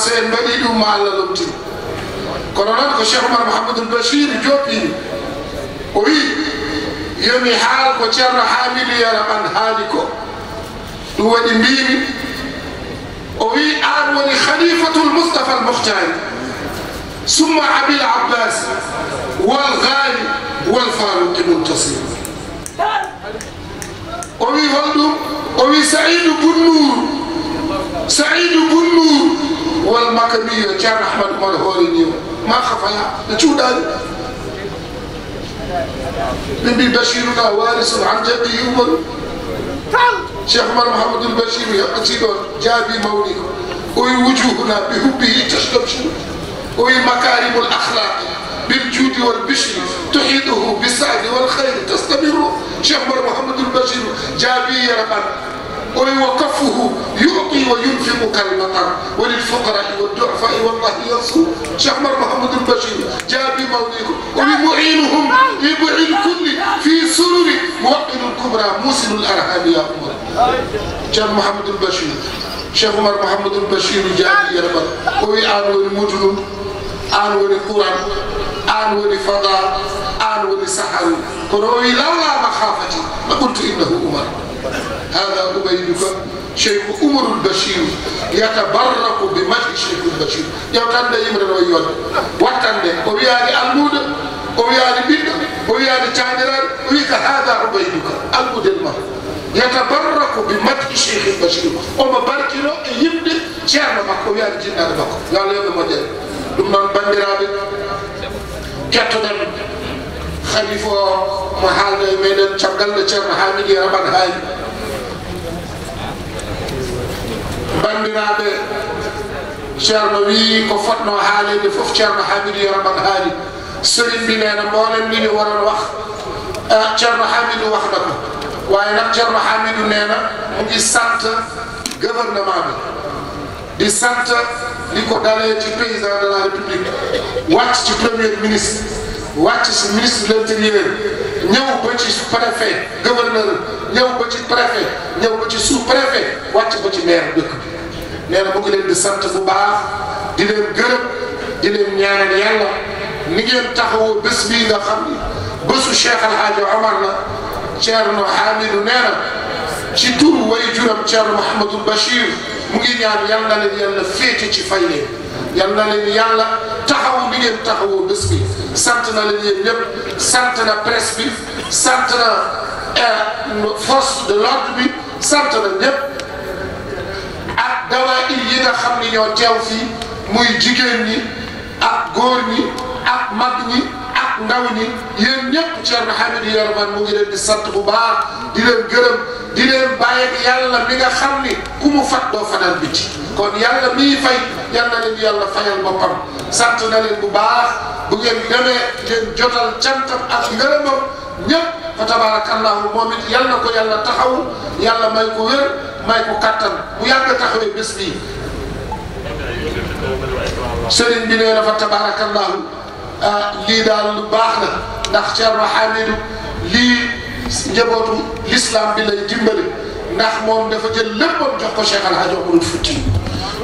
سين بليد وما لومتي كورونا كشيخ عمر محمد البشير جوبي وي يومي حال كشيخ حامي لي على من حالكو هو دين وي آل ولي خليفة المصطفى المختار ثم أبي العباس والغالي والفاروق المنتصر وي ولد وي سعيد بن نور سعيد بن نور wol makka wiyo ceerno ahmad umar hoore ni o ma hafaya ne cuuɗani ɓe mbi bachiruna warisun an jaddi umaru tan cheikh umar mahamadou bachiru yaɓɓati ɗon jaabi mawni o wi wujuhuna bi hubbihi tastabshiru o wi makarimul akhlaqi بالجود والبشر تحيطه بالسعد والخير تستمر شيخ عمر محمد البشير جابي رقم ويوقفه يعطي وينفق كالمطر وللفقراء والضعفاء والله ينصر شيخ عمر محمد البشير جاء بموليكم ويمعينهم يبعي كل في سرور موقن الكبرى موسم الارهاب يا عمر شيخ محمد البشير شيخ عمر محمد البشير جاء يربط ويعانوا المجرم an woni quran an woni fada an woni saharu kono o wi lawla mahafati ma qultu innahu umar hada ubayduka cheikhu umaru lbachir yatabarraku bi mati cheikhu lbachir ƴewtande yimre no yodde wattande o wiyani allude o wiyani ɓiɗɗo o wiyani cahniraɗe o wi ka hada ubayduka alludel ma yatabarraku bi mati cheikhu lbachir omo barkino e yimɗe ceerno makko o wiyani jinnaɗe makko yo allah yoɓe moƴƴere bandiraɓe kettoɗen halif o mo haalno e meɗen caggal nde ceerno hamidi raban haayi bandiraɓe ceerno wi ko fotno haalede foof ceerno hamidi raban haali sëriñ bi nee na mbooleem li ñu waroon wax ceerno hamidu wax na ko waaye nag ceerno hamidu nee na mu ngi sant gouvernement bi di sant li ko dalee ci président de la république wàcc ci premier ministre wàcc ci ministre de l'intérieur ñëw ba ci préfet gouverneur ñëw ba ci préfet ñëw ba ci sous préfet wàcc ba ci maire dëkk bi nee na mu di sant bu baax di leen gërëm ñaar leen ñaanal yàlla ni ngeen taxawoo bés nga xam ni bésu Cheikh El Hadj Omar la Ceerno Hamidou nee na ci turu way juram Ceerno Mouhamadou Bachir mu ngi ñaan yal na leen yàlla féete ci fay leen yal na leen yàlla taxawu bi ngeen taxawoo bés bi sant na leen yéen ñëpp sant na presse bi sant na force de l'ordre bi sant na ñëpp ak dawaa il yi nga xam ni ñoo teew fii muy jigéen ñi ak góor ñi ak mag ñi ndaw ñi yéen ñëpp Thierno Hamidou Yero man mu ngi leen di sant bu baax di leen gërëm di leen bàyyi ak yàlla mi nga xam ni ku mu fat doo fanaan bitti kon yàlla miy fay yal na leen yàlla fayal boppam sant na leen bu baax bu ngeen demee ngeen jotal cantam ak ngërëmam ñëpp fa tabarakallahu moom it yal na ko yàlla taxawu yàlla may ko wér may ko kattan bu yàgg taxawee bés bii sëriñ bi nee na fa tabarakallahu lii daal lu baax la ndax Thierno Hamidou lii njabootu l'islam bi lay dimbali ndax moom dafa jël léppam jox ko Cheikh El Hadj Omarul Fouti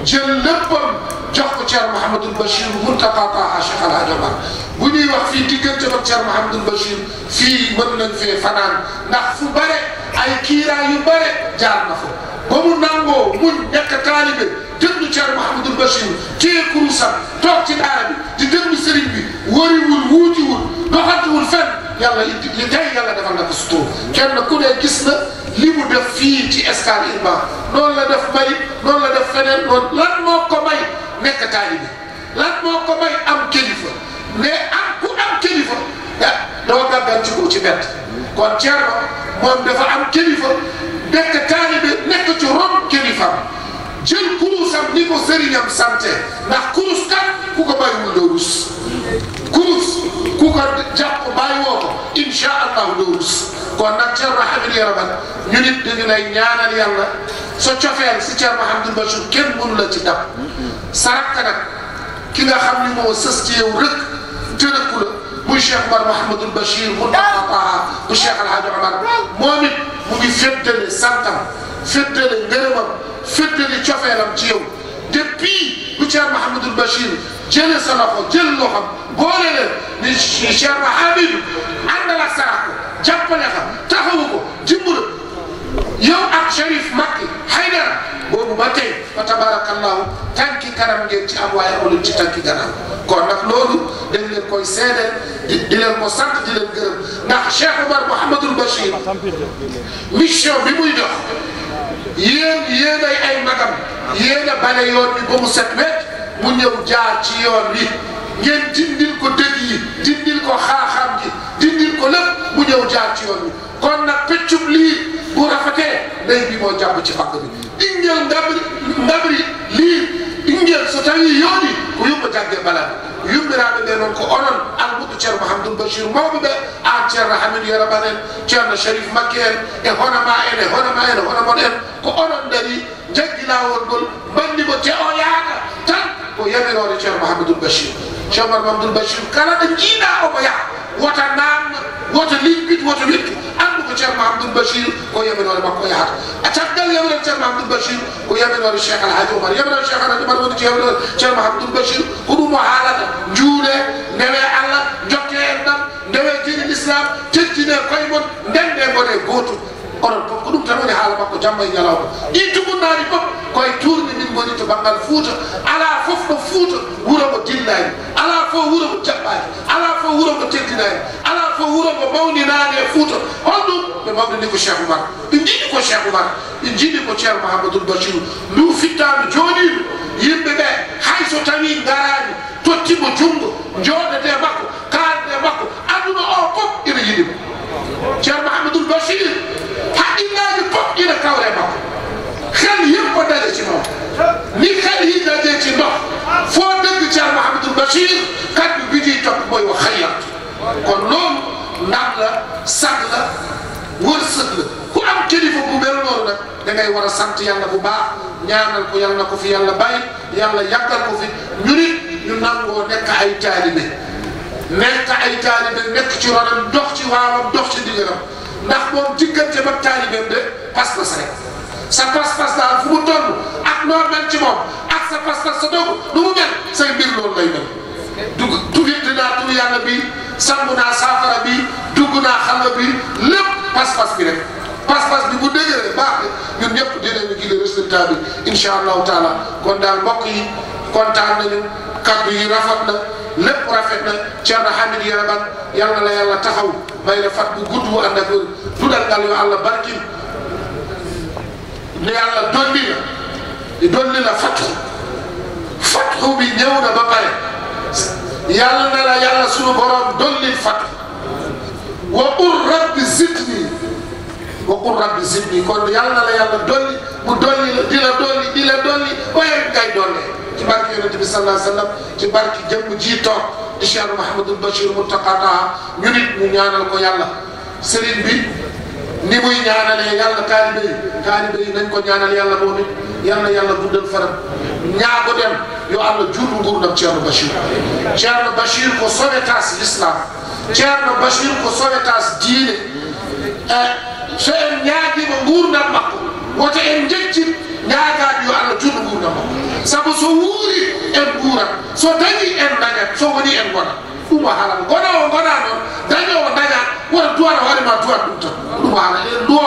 jël léppam jox ko Thierno Mouhamadul Bachir Mountakha Taha Cheikh El Hadj Omar bu ñuy wax fii diggante ak Thierno Mouhamadul Bachir fii mën nañ fee fanaan ndax fu bare ay kiiraay yu bare jaar na fa. ba mu nangoo muñ nekk taalibe déglu Cheikh Mouhamadul Bachir téye kurusam toog ci daara bi di déglu sëriñ bi wariwul wuutiwul doxantuwul fenn yàlla li li tey yàlla defal na ko sutur kenn ku ne gis na li mu def fii ci Escale Imam noonu la def may noonu la def feneen noonu lan moo ko may nekk taalibe lan moo ko may am kilifa mais am ku am kilifa ah doo gàggal ci ko ci bett kon Thierno moom dafa am kilifa nekk taalibe nekk ci ron kilifa jël kurusam ni ko sëriñam sante ndax kurus kat ku ko bàyyiwul doo rus kurus ku ko jàpp bàyyiwoo ko incha allahu doo rus kon nag Thierno Hamidou Yaraban ñu nit dañu lay ñaanal yàlla sa cofeel si Thierno Hamidou Bachir kenn mënu la ci dab sarak nag ki nga xam ni moo sës ci yow rëkk tërëkku la muy Cheikh Omar Mahamadul Bachir mu taxaw bu Cheikh El Hadj Omar moom it mu ngi féetale santam. feddali ngërëmam feddali cofeelam ci yow depuis bu Cheikh Mouhamadul Bachir jëlee sa loxo jël loxam boole leen ni Cheikh Mahamidou àndal ak sarax ko jàppale ko taxawu ko dimbali yow ak Cherif Makki Haydara boobu ba tey fa tabarakallahu tànki kanam ngeen ci am waaye amul ci tànki gannaaw kon nag loolu dañ leen koy seedeel di di leen ko sant di leen gërëm ndax Cheikh Omar Mouhamadul Bachir mission bi muy dox. yéen yéen ay ay magam yéen a bale yoon bi ba mu set wecc mu ñëw jaar ci yoon wi ngeen dindil ko dëgg yi dindil ko xaaxaam ji dindil ko lépp mu ñëw jaar ci yoon bi konna peccum li ko rafete nayi mbimo jabbo ci fagga ni ɗingel dabri dabri li ɗingel so tawi yoni ko yumba jagge bala yummiraɓe ɓe noon ko onon almuddo ceerno mahamdoul bachir mawɓeɓe an ceerno hamid yaraman en ceerno sharif makki en e honama en e honama en e honamon en ko onon dari jaggi lawol ngol bandimo te o yaaka tan ko yamirore ceerno mahamadoul bachir ceerno mahamadoul bachir kala ɗo jiiɗa omo yaaha wota namdo wota limbit wota wekki andu ko ceerno hamdoul bachir ko yaminore makko yahata a caggal yaminore ceerno hamdoul bachir ko yaminore cheikh alhaji omar yaminore cheikh alhaji omar woni yaminore ceerno hamdoul bachir ko ɗum o haalata juule ndewe allah jokke en ɗam ndewe dini l'islam teddine koye mon ndende gone gotum onon fof ko ɗum tan woni haala makko jamma e ñalawma ɗi tugunnaji fof koye tourni min goni to banggal fouta ala fof mo fouta wuro mo dillani ala fof wuro mo jaɓɓaki ala fo wuro ngo teddinani ala fo wuro ngo mawninani e fouta holɗum ɓe mawɗini ko cheikh oumar ɓe jiiɗi ko cheikh oumar ɓe jiiɗi ko ceerno mahamadoul bachirou ndu fittaɓe jooɗiɓe yimɓe ɓe hay so tawi garani tottimo jungo jooɗete makko kalde makko aduna o fof ina yiɗimo ceerno mahamadoul bachir haqqillaji fof ina kawre makko xel yimɓe ko daña ci noon li xel yi dajee ndox foo dëgg Cheikh Mahamadou Bachir kàddu bi di topp mooy wax xëy kon loolu ndam la sag la wërsëg la am kilifa bu mel noonu nag da ngay war a sant yàlla bu baax ñaanal ko yàlla ko fi yàlla bàyyi yàlla yàggal ko fi ñu nit ñu nangoo nekk ay taalibe nekk ay taalibe nekk ci ronam dox ci waawam dox ci ndigalam ndax moom diggante ba taalibeem pas na rek. sa pas-pas daal fu mu toll ak noo mel ci moom ak sa pas-pas sa doog lu mu mel say mbir loolu lay mel. dugg tuggante naa turu yàlla bi sàmm naa saafara bi dugg naa xàll bi lépp pas-pas bi rek pas-pas bi bu dëgëree baax ñun ñëpp dinañu gis résultat bi incha allahu taala kon daal mbokk yi kontaan nañu kàddu yi rafet na lépp rafet na Thierno Hamidou Yaba yal na la yàlla taxaw may la fat bu gudd bu ànd ak wér dundal ngal yu àlla barki. ne yàlla dolli la dolli la bi ñëw na ba pare yàlla na la yàlla sunu borom dolli fattu wa qul rabbi zidni ko qul rabbi zidni kon yàlla na la yàlla dolli la di la dolli di la dolli waaye ngay dollee ci barke yonent bi sallallahu alayhi sallam ci barke jëmm ji toog di Cheikh Mouhamadul Bachir Mountakha ñu nit ñu ñaanal ko yàlla sëriñ bi. ni muy ñaanalee yàlla taalibe yi taalibe yi nañ ko ñaanal yàlla boobi yàlla yàlla guddal faram ko dem yo allah nguur ngurdam ceerno bachir ceerno bachir ko taas l'islam ceerno bachir ko taas diine e so en ñaagiima nguurdam makko wote en jejjin ñaagaaɓe yo allah juutu nguurdam makko sabu so wuuri en nguurat so dañi en dañat so woni en gonat ɗum haram gona o gona noon daño o daña wona duwana hoorema duwan ɗum tan ɗum haram en duwo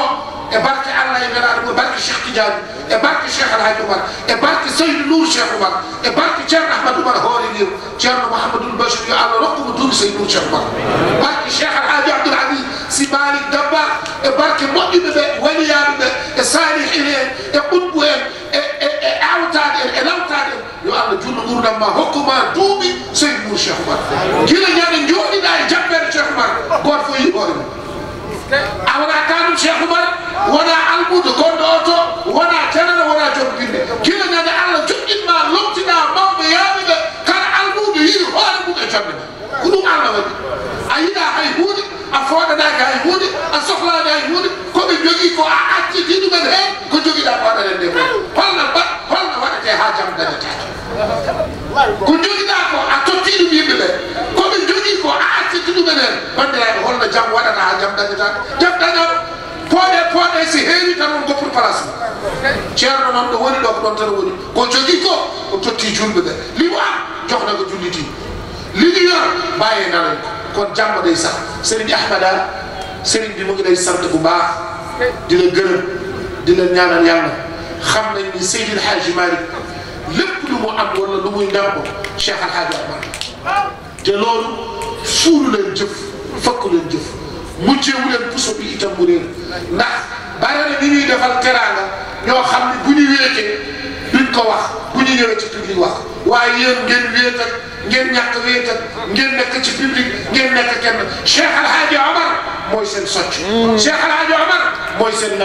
e barke allah e welaɗo mum e barke cheikh tidiani e barke cheikh alhaji oumar e barke seydou nour cheikh oumar e barke ceerno ahmad oumar hooriniro ceerno mouhamadoul bachir yo allah rokkumo duuri seydou nour cheikh oumar barke cheikh alhaji abdoul ali si malik dabba e barke moƴƴuɓe ɓe waliyaɓe ɓe e salihine en e ɓuɗɓu en e awtade en e lawtade en yo allah junno ɓurdam ma hokkuma duuɓi sey nour cheikh umar gila ñane jooɗiɗa e jabbere cheikh umar goto fo yihoore mum a wona kanum cheikh umar wona almudo gonɗo oto wona canana wona jombinde gila ñane allah joƴƴinma lomtina mawɓe yaaɓeɓe kala almudo yii hoore mum e jamde ko ɗum allah waɗi a yiɗa hay hunde a fooɗanake hay hunde a sohlade hay hunde koɓe jogui ko a acciti ɗumen hen ko joguiɗa ko waɗanen nde holna ko jogiɗa ko a totti ɗum yimɓeɓe koɓe jogui ko a artiti ɗumenen bandiraɓe holno jaam waɗata ha jaam dañataka jaam dañat pooɗe pooɗe si heewi tan on goppur place ceerno noon ɗo woni ɗo ko ɗon tan woni ko jogi ko o totti julɓe ɓe liwa joxna ko julliti liɗiyor mbaye nanan ko kon jamma day sax serigne ahmada serigne bi mu ngi lay sant bu baax di la gërëm di la ñaanal yàlla xam nañ ni seydil haaji malik lépp lu mu am wala lu muy ndàmbo Cheikh Al Hadj Abdallah te loolu suulu leen jëf fakku leen jëf mujjeewu leen puso bi itam mu réer ndax bare na ni ñuy defal teraanga ñoo xam ne bu ñu wéetee. duñ ko wax bu ñu ñëwee ci public wax waaye yéen ngeen wéet ngeen ñàkk wéet ngeen nekk ci public ngeen nekk kenn Cheikh El Omar mooy seen socc. Mm. Cheikh El Hadj Omar mooy seen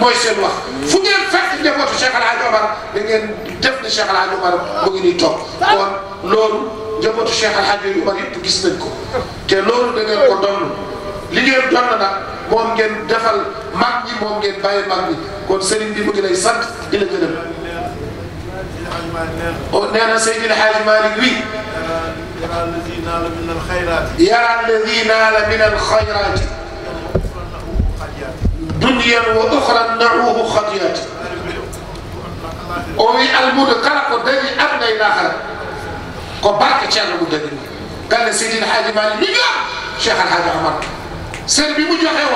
mooy seen wax fu ngeen fekk njabootu Cheikh El Hadj Omar da ngeen def ni Cheikh El Hadj Omar mu ngi nii toog kon loolu njabootu Cheikh El Omar yëpp gis nañ ko te loolu da ko doon. liggéeyam jot na nag moom ngeen defal mag ñi moom ngeen bàyyi mag ñi kon sëriñ bi mu ngi lay sant di la gërëm o nee na Seydil Hadji Malick wi yara alladi naala min alxayraati dunyan wa uxran nauhu xadiyaati o wi almudo kala ko dañi arna e lahara ko barke ceerno mu dañi galle Seydil Hadji Malick wi ga Cheikh Alhaji Amar sër bi mu joxe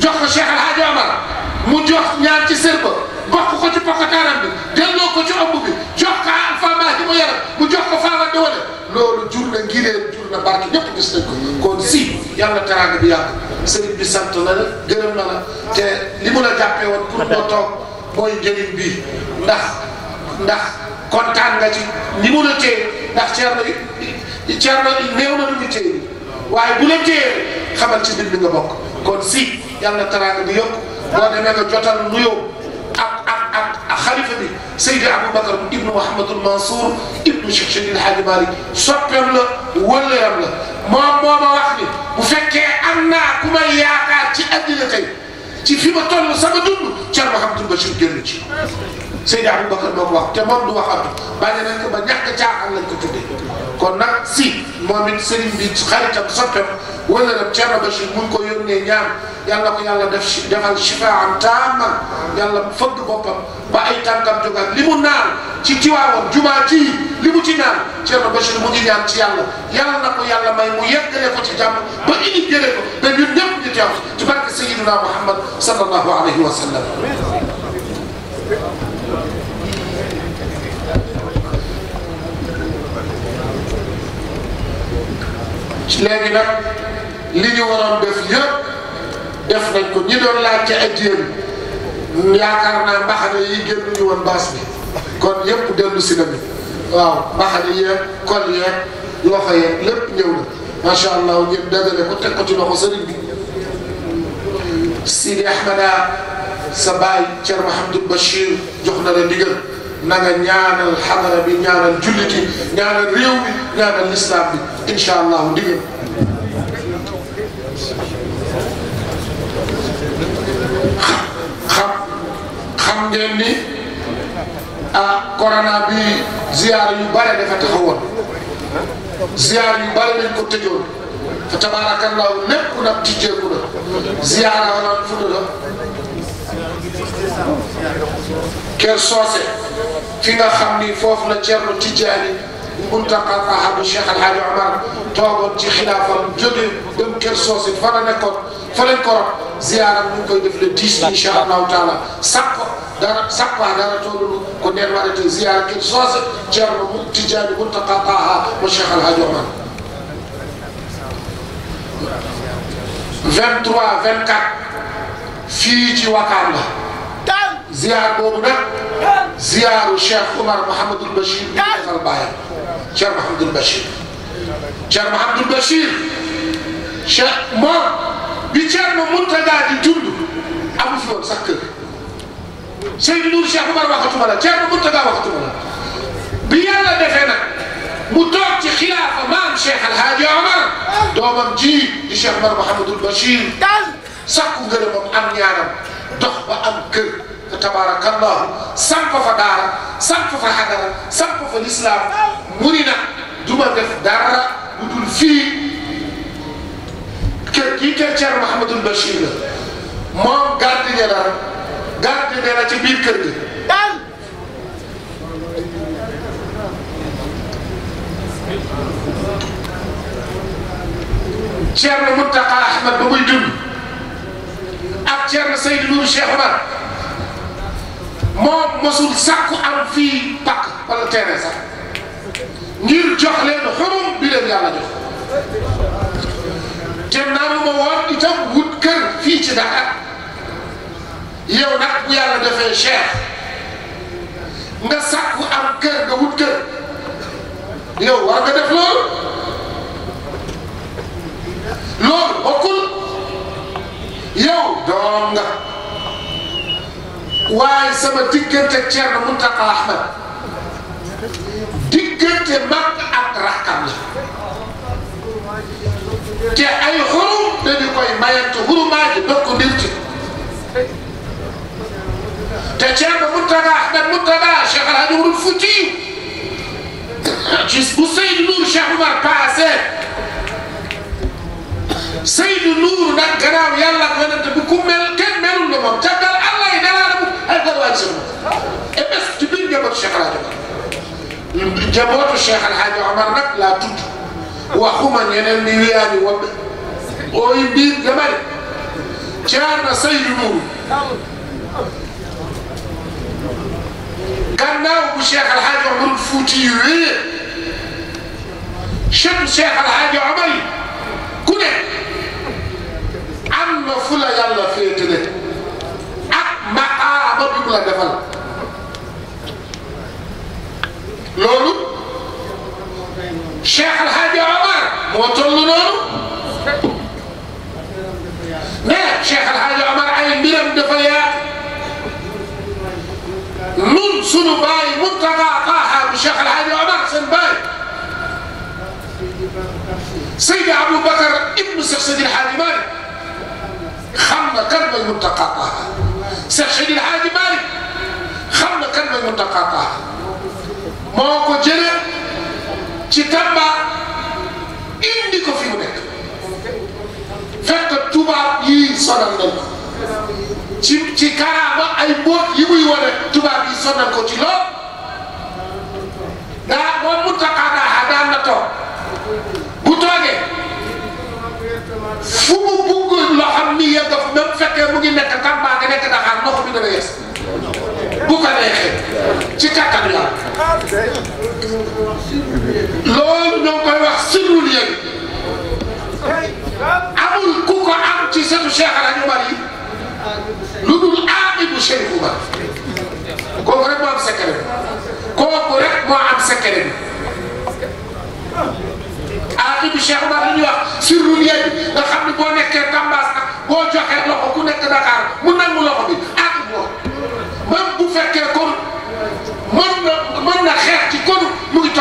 jox ko Cheikh El mu jox ñaar ci sër ba bokk ko ci pokkataaram bi delloo ko ci ëmb bi jox ko Alpha Mbaye mu yaram mu jox ko Fara di wane loolu jur na ngiree jur na barke ñëpp gis nañ ko kon si bi yàgg sëriñ bi sant na la na li mu la bi ndax ndax kontaan ceer na ceer na néew na lu ñu waaye bu la téye xamal ci mbir bi nga bokk kon si yàlla teraanga bi yokk boo demee nga jotal nuyo ak ak ak ak xalifa bi Seydi Aboubacar ibnu Mouhamadul Mansour ibnu Cheikh Seydil Hadji Malick soppeem la wëllëyam la moom moo ma wax ni bu fekkee am naa ku may yaakaar ci addina tey ci fi ma toll sama dund Thierno Mouhamadou Bachir génn ci Seydi Aboubacar moo ko wax te moom du wax addu bàyyi nañ ko ba ñàkk caaxaan lañ ko tuddee kon nag si moom it sëriñ bi xaritam soppeem wala dem Thierno Bachir mu ngi ko yónnee ñaan yàlla ko yàlla def si defal shifa am taaman yàlla fëgg boppam ba ay tànkam jógaat li mu naan ci Tiwaawan jumaa ji li mu ci naan Thierno Bachir mu ngi ñaan ci yàlla yàlla na ko yàlla may mu yeggale ko ci jàmm ba indi jëlee ko te ñun ñëpp ñu teew ci barke Sayyidina Muhammad sallallahu alayhi wa sallam. léegi nag li ñu waroon def yëpp def nañ ko ñi doon laaj ci ajjiyam yaakaar naa mbaxane yi génnuñu woon baas bi kon yëpp dellu si nañu waaw mbaxane yeeg kol yeeg loxo yeeg lépp ñëw na macha allah ngir dajale ko teg ko ci loxo sëriñ bi Sidi Ahmada sa baay Thierno Mahamadou Bachir jox na la ndigal na nga ñaanal xadara bi ñaanal jullit yi ñaanal réew mi ñaanal bi incha allahu digg xam xam ngeen ni ah corona bi ziar yu bare dafa taxawoon ziar yu bare lañ ko tëjoon fa tabarakallahu lépp nag tijjeeku la ziara wala fu la Kër Soose fi nga xam ni foofu la Cerno Tijaani Muntaqa Faaxa bu Cheikh El Hadj Omar toogoon ci xilaafam jóge dem Kër Soosi fa la nekkoon fa lañ ko rob ziyaaram ñu ngi koy def le 10 incha allahu taala sàkko dara sàkkuwaa dara toolul ko neen warate ziyaara Kër Soosi Thierno Tijaani Muntaqa Faaxa bu Cheikh El Hadj Omar 23 24 fii ci Wakam la زيارة بوبنا زيارة الشيخ عمر محمد البشير بن البايان شير محمد البشير شير محمد البشير شيخ ما بيشير ما منتدى دي جند أبو فلور سكر سيد نور شيخ عمر وقت ملا شير ما منتدى وقت ملا بيالا دفنا متوقع خلاف مام شيخ الحاج عمر دومم جي شيخ عمر محمد البشير سكو غلبهم أم يارم دخبة tabarakallahu samp fa daara samp fa xadara samp fa lislaam mu ni dara bu dul fii kër kii kër moom gardien la gardien la ci biir kër Ahmed ba muy dund ak Thierno Seydou moom mosul sàkku am fii pàkk wala terrain sax ngir leen xurum bi leen yàlla jox te naanu ma woon itam wut kër fii ci Dakar yow nag bu yàlla defee cher nga sàkku am kër nga wut kër yow war nga def loolu loolu bokkul yow doom nga. waaye sama diggante Thierno Mountakha Ahmed diggante mag ak rakkam la te ay xurum dañu koy mayante xurumaa ji bëgg mbir ci te Thierno Mountakha Ahmed Mountakha Cheikh El Hadj Oumar Fouti gis bu Seydou Nour Cheikh Oumar passé Seydou Nour nag gannaaw yàlla ak yonent bi ku mel kenn melul ne moom ca chez vous et bés ci biir njabootu Cheikh Alhaji Omar ñun njabootu Cheikh Alhaji Omar nag laa tudd waxuma ñeneen ni wiyaani wobbe ooyi mbiir gamari ceerno Seydou Nourou gannaaw bu Cheikh Alhaji Omar Fuuti yu wéyee cheikh Cheikh Alhaji Omar yi ku ne am na fu la yàlla fee accord bi ñu la defal loolu Cheikh El Hadj Omar moo toll noonu mais Cheikh El Hadj Omar ay mbiram dafa yaatu ñun sunu baay Mountaga Taha bu Cheikh El Hadj Omar seen baay Seydi Aboubacar ibnu Cheikh Seydi El Hadj Malick xam na kan mooy Mountaga Taha Cheikh Seydil Hadji Malick xam kan la Mountakha Tall moo ko jëlee ci Tamba indi ko fi mu nekk fekk tubaab yi sonal nañ ko ci ci ay mbóot yi muy wane tubaab yi sonal ko ci lool daa moom Mountakha Tall daan na toog bu toogee. fu mu buggul loo xam ni yëpp dafa même fekkee mu ngi nekk Tamba nga nekk Dakar ndox mi dana yes bu ko neexee ci kattan la loolu ñoo koy wax sirrul yëg amul ku ko am ci setu Cheikh Alaaji Umar yi lu dul aamidu Cheikh Umar kooku rek moo am secret kooku rek moo am secret aamidu Cheikh Umar li ñuy wax. sirrul yadi nga xam ni boo nekkee tambaas nag boo loxo ku nekk Dakar mu nangu loxo bi ak moom même bu fekkee kon mën na mën na xeex ci kon mu ngi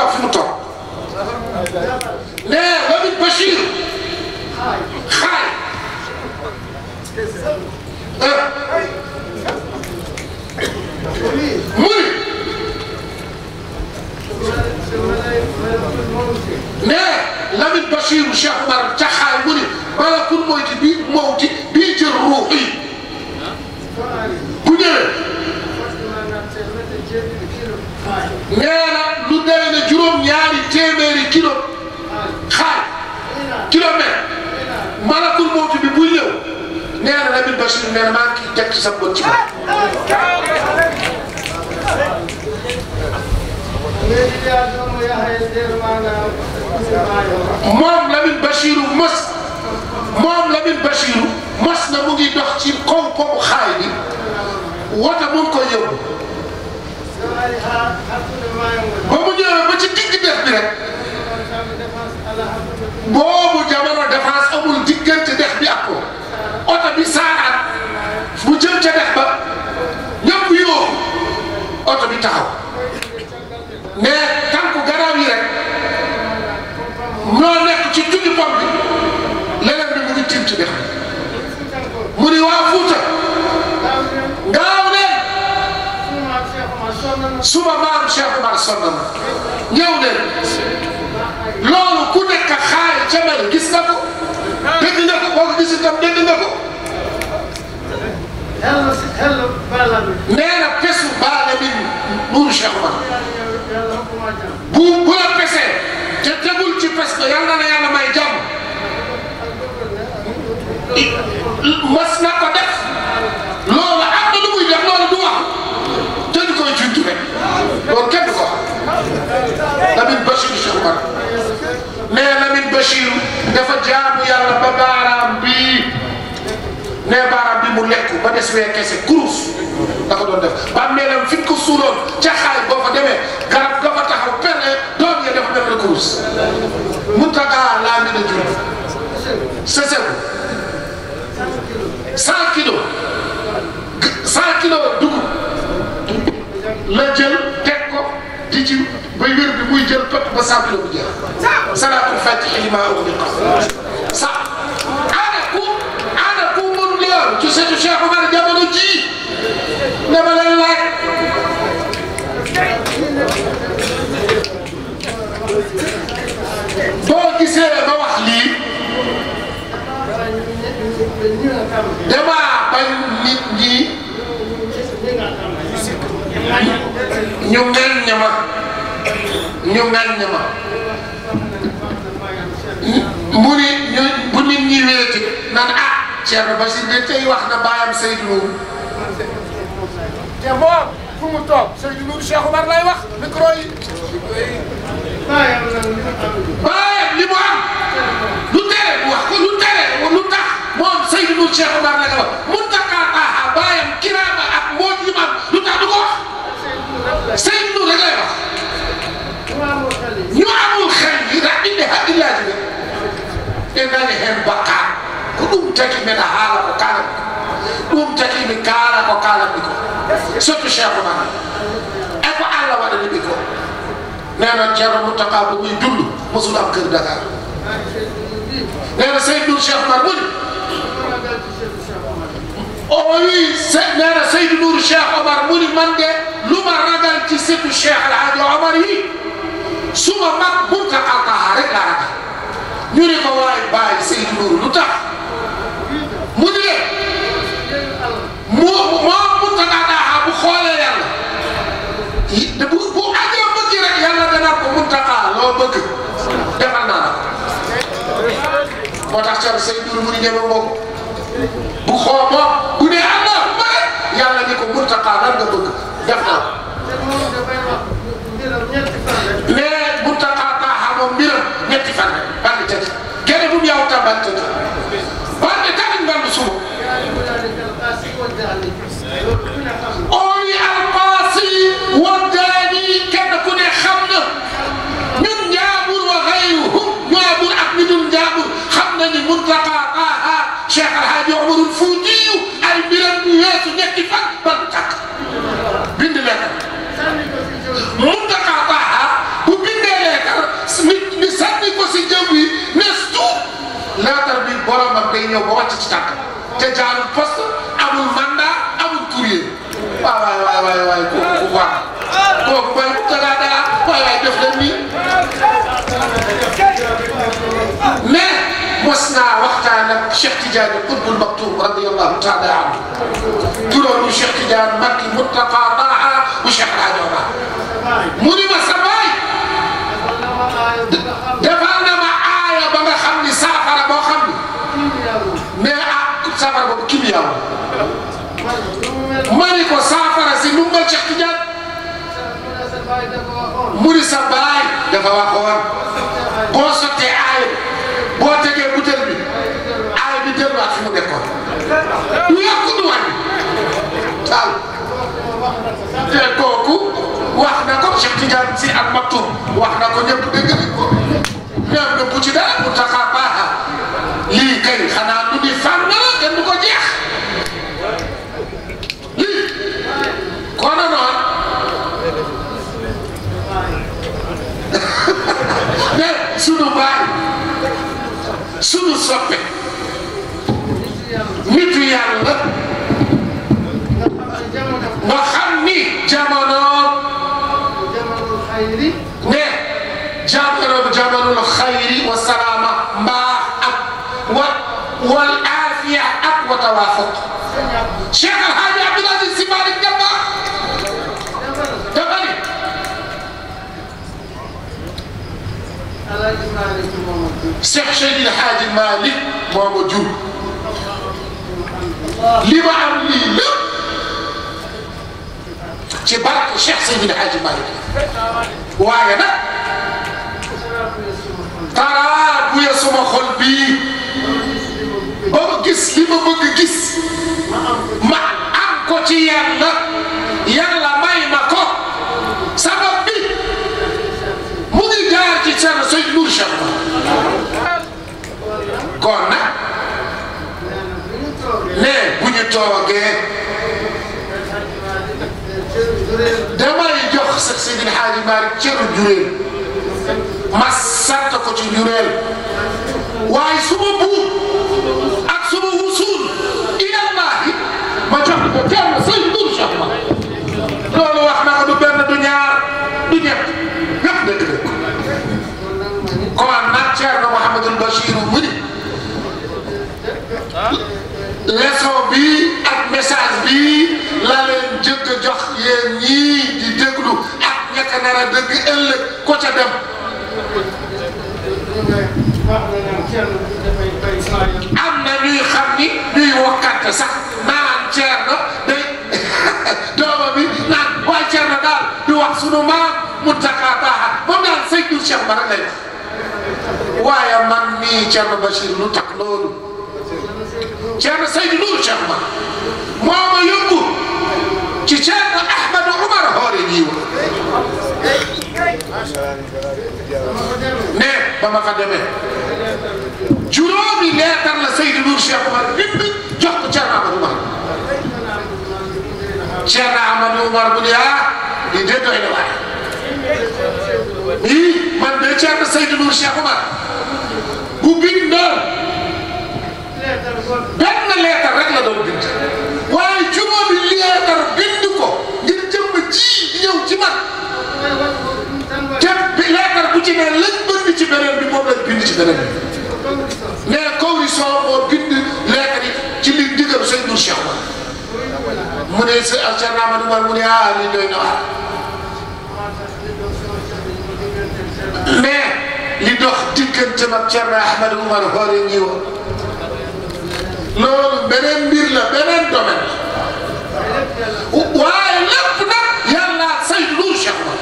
mu Lamine Bachir Cheikh Omar Caxaay mu ni malakul mawti bii mawti bii jël ruux yi bu ñëwee nee na lu dee na juróom-ñaari téeméeri kilo xaal kilomètre malakul mawti bi buy ñëw nee na Lamine Bachir nee na maa ngi ciy teg ci sa bët ci moom Lamine Bachir mos moom Lamine Bachir mos na mu ngi dox ci kaw kaw xaay bi wota mu ngi koy yóbbu ba mu ñëwee ba ci digg dex bi rek boobu jamono défense amul diggante dex bi ak ko oto bi saaraat mu jëm ca dex ba ñëpp yóobu oto bi taxaw. loo nekk ci junni pom bi leneen bi mu ngi tiim ci dexam mu ni waa Fuuta ngaaw ne suma maam Cheikh Omar sonn na ñëw ne loolu ku nekk xaay ca mel gis na ko dégg nga ko boo ko gis itam dégg nga ko nee na pesu baale bi nuuru Cheikh Omar bu bu la pesee te tegul ci parce que yàlla may jàmm mas na ko def loolu am na lu muy du wax te ñu koy junj rek loolu kenn du ko wax Lamine Bachir Cheikh Omar mais Lamine Bachir dafa jaamu yàlla ba baaraam bii ne baaraam bi mu lekk ba des wee kese kurus da ko doon def bàmmeelam fi ko suuloon ca xaay boo fa demee garab ga def benn course Mountaga laa mel ne Diop sese ko cent kilos cent kilos dugub la jël teg ko di ci ba wér bi muy jël pët ba cent kilos bu jeex salaatul fatihi li maa ubbi sa aada ku aada ku mënul yor ci seetu Cheikh Omar jamono ji dama leen laaj boo gisee ba wax lii damaa bañ nit ñi ñu mel ne ma ñu mel ne ma mu ni ñu nit ñi wéeti naan ah Thierno Bachir de tey baayam Seydou Nour te moom fu mu toog Seydou Nour Cheikh Oumar lay wax micro baayam li mu am lu tere bu wax ko lu tere lu tax moom Seydou Cheikh Omar la wax Mountakha Taha baayam kiraama ak mboot li mu am lu tax du ko wax Seydou rek lay wax ñu amul xel yi la indiha illa lillah enanehen bakkaar ko ɗum tagi men a haala ko kalam ɗum tagi min kaala ko kalamɗi ko surtout Cheikh Omar nee na Thierno Mountakha bu muy dund mosul am kër Dakar nee na Seydou Cheikh Mar mu oh oui Seydou nee na Seydou Nourou Cheikh Omar mu ni man de lu ma ragal ci sëtu Cheikh El Hadj Omar yi su ma mag Mountakha Altaha rek laa ragal ñu ne ko waay bàyyi Seydou Nourou lu tax mu ni leen mu moom Mountakha Altaha bu xoolee yàlla bu. Muntaqa loo bëgg defal naa la moo tax Thierno Seydou mu ni ñeme bu xoo moom bu ne am na ni ko Muntaqa lan nga bëgg def naa mais Muntaqa taa xamoo mbiram ñetti fan bandi tëdd gene bu mu yaw tam bandi tëdd bandi tamit bandi suba Alaaji Omarul Fuutiyu ay mbiram bu weesu ñetti fan ban takk bind leetar Muntaqa Baaxa bu bindee leetar nit ñi sànni ko si jëm yi nees tuut leetar bi boromam day ñëw ba wàcc ci tàkk te jaarul poste mos naa waxtaan ak Cheikh Tidiane Qutbul Maktum radiyallahu taala anhu turam Cheikh Tidiane Makki Muttaqa Taha bu Cheikh Alhaji Omar mu ni ma sa baay defal na ma aaya ba nga xam ni saafara boo xam ni mais ah saafara boobu kimiyaw ma ni ko saafara si lu mel Cheikh Tidiane mu ni sa baay dafa waxoon boo sottee aaya boo tegee butéel bi aay bi delluwaat fi mu nekkoon yokku du wàññi wax na ko Cheikh Tidiane si ak wax na ko ñëpp dégg nañ ko même ne bu ci dara lii kay xanaa du di fànn la kenn du ko jeex lii kono noon sunu baay sunu soppe nitu yàlla nga xam ni jamono ne jamono jamonul xayri wa salaama mbaax ak wa wal aafiya ak wa tawaafuq Cheikh Alhaji Cheikh Seydil Hadji Malick moo ma jur li ma am lii lépp ci barke Cheikh Seydil Hadji Malick waaye nag taraa bu ya suma xol bii ba li ma bëgg ma am ko ci yàlla yàlla may ma ko sabab bi mu ngi jaar ci seen sëñ Nour Cheikh kon nag ne bu ñu toogee damay jox sax Seydil Haaji Maalik cëru Juréel ma sant ko ci Juréel waaye su ma buur ak su ma wusuul ilallaahi ma jox ko kenn say dur na ko du benn du ñaar du leçon bi ak message bi la leen jëkk jox yéen ñii di déglu ak ñàkk a dëgg ëllëg ko ca dem. am na ñuy xam ni ñuy wokkante sax naan Thierno day dooma bi naan waa Thierno daal di wax maam Mountakha Baaxal moom daal saytu Cheikh Bara lay wax waaye man mii Thierno Bachir lu tax loolu. Ceerno Saydu Nuuru Cheikh Oumar moo ma yóbbu ci Ceerno Ahmadu Oumar Hoore Ñiiw ne ba ma fa demee juróomi leetar la Saydu Nuuru Cheikh Oumar bind jox ko Ceerno Ahmadu Oumar Ceerno Ahmadu Oumar mu ne ah lii de doy na waaye ii man de Ceerno Saydu Nuuru Cheikh Oumar bu bind benn leetar rek la doon bind waaye juróomi leetar bind ko ngir jëmm ji ñëw ci man te bi leetar bu ci ne lañ bind ci beneen bi moom lañ bind ci beneen bi mais Kowrison moo bind leetar yi ci li digal sëñ Nour Cheikh mu ne sa Cheikh Amadou Mar mu ne ah lii doy na waar mais li dox diggante mag Thierno Ahmed Oumar Hoori ñii woon loolu beneen mbir la beneen domaine la waaye lépp nag yàlla saytu shahwa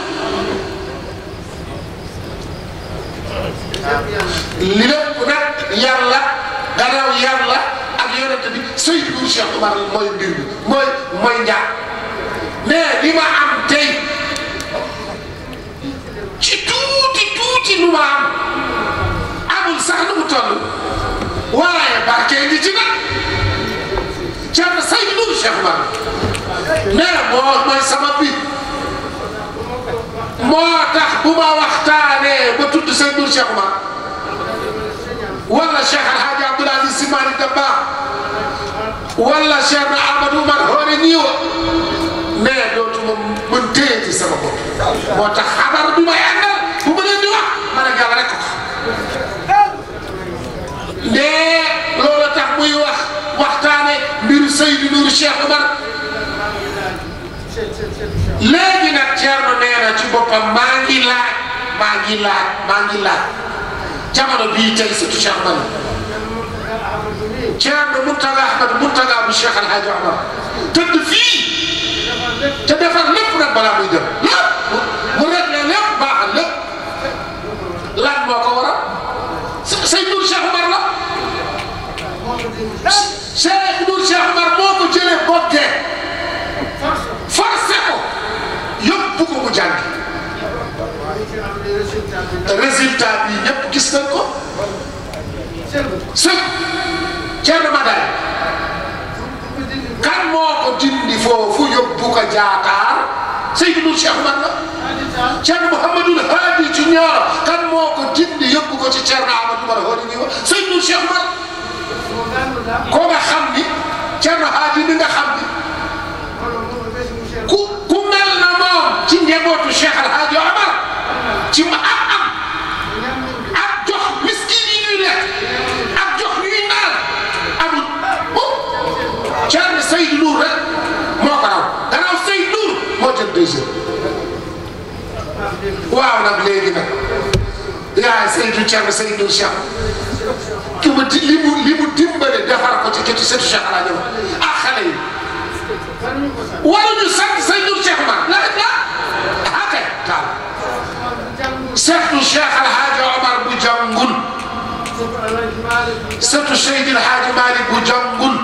lépp nag yàlla gannaaw yàlla ak yonent bi saytu Cheikh Omar mooy mbir bi mooy mooy njaar mais li ma am tey ci tuuti tuuti lu ma am amul sax nu mu toll. waaye barke ngi ci nag Thierno Seydou Nourou Cheikh Oumar mais moo mooy sama bi moo tax bu ma waxtaanee ba tudd Seydou Nourou Cheikh Oumar wala Cheikh El Hadj Abdoul Aziz Sy Malick Dabakh wala Cheikh na Amadou Oumar Honé ñiiwa mais dootuma mën téye ci sama bopp moo tax xabar bi may àndal dee loola tax muy wax waxtaane mbiru Seydou Nourou Cheikh Omar léegi nag Thierno nee na ci boppam maa ngi laaj maa ngi laaj maa ngi laaj jamono bii tey surtout Cheikh Omar Thierno Mountaga Ahmad Mountaga bu Cheikh El Hadj Omar tëdd fii te defar lépp nag balaa muy dem. Cheikh Nour Cheikh Omar moo ko jëlee bopp de forcé ko yóbbu ko mu jàng résultat bi ñëpp gis nañ ko sëñ Thierno Madane kan moo ko dindi foofu yóbbu ko jaataar Seydou Nour Cheikh Omar la Thierno Mouhamadul Hadi ci Nioro kan moo ko dindi yóbbu ko ci Thierno Amadou Baro xooli nii wa Seydou Nour Cheikh Omar. ko nga xam ni Thierno Hadj bi nga xam ni ku ku mel na moom ci njabootu Cheikh Al Hadj Omar ci ma am jox miskin yi ñuy lekk ak jox ñuy naan amul moom Thierno Seydou Nour rek moo ko raw gannaaw Seydou Nour moo jël deuxième ki mu li mu li mu dimbale defar ko ci kii ci sëtu Cheikh Alaaji ah xale yi waruñu sant say jur Cheikh ma la la ah kay taal sëtu Cheikh Alaaji Omar bu jàngun sëtu Seydi Alaaji Malick bu jàngun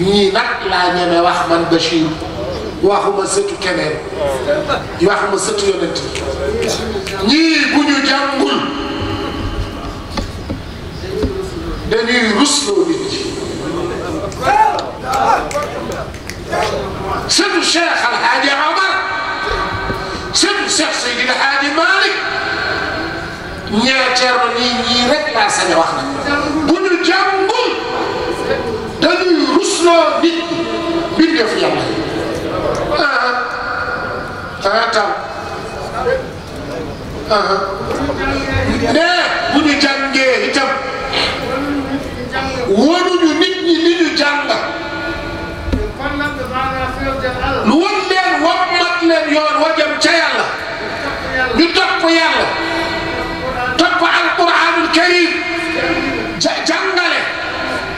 ñii nag laa ñeme wax man Bachir waxuma sëtu keneen waxuma sëtu yonent ñii bu ñu jàngul. dañuy rusloo nit ñi sëtu Cheikh Al Hadj Omar sëtu Cheikh Seydina Hadj Malick ñaar Thierno nii ñii rek laa sañ a wax nag bu ñu jàngul dañuy rusloo nit ñi mbindeef yàlla ah dana taw ah mais bu ñu jàng. jaamu yàlla topp alquranul karim ja jàngale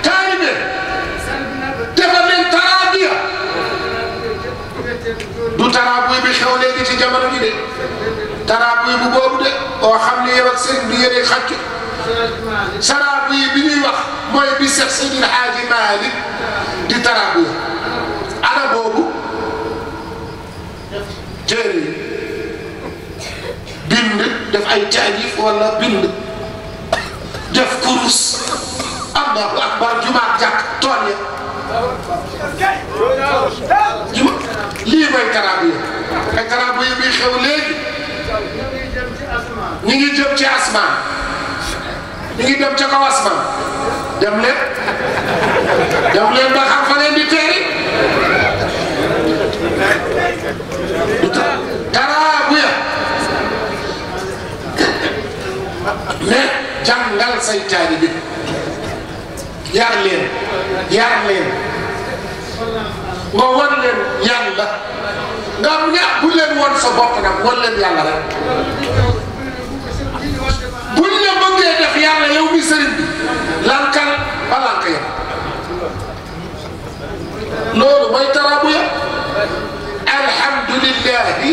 taalibe defal leen taraabiya du taraabuy bi xew léegi ci jamono bi de taraabuy bu boobu de oo xam ne yow ak sëriñ bi yéenay xàccu taraabuy bi ñuy wax mooy bi Seex Seydil Haaji Maalik di taraabuy ana boobu téere def ay taalif wala bind def kurus allahu akbar jumaat jàkk tool ya lii mooy karaab yi te karaab muy xew léegi ñu ngi jëm ci asmaan ñu ngi dem ca kaw asmaan dem leen dem leen ba xam ne jàngal say taalibe yar leen yar leen nga wan leen yàlla nga ña bu leen wan sa bopp nag wan leen yàlla rek buñ la bëggee def yàlla yow mi sëriñ bi lankal ba lank ya loolu mooy taraabu ya alhamdulillahi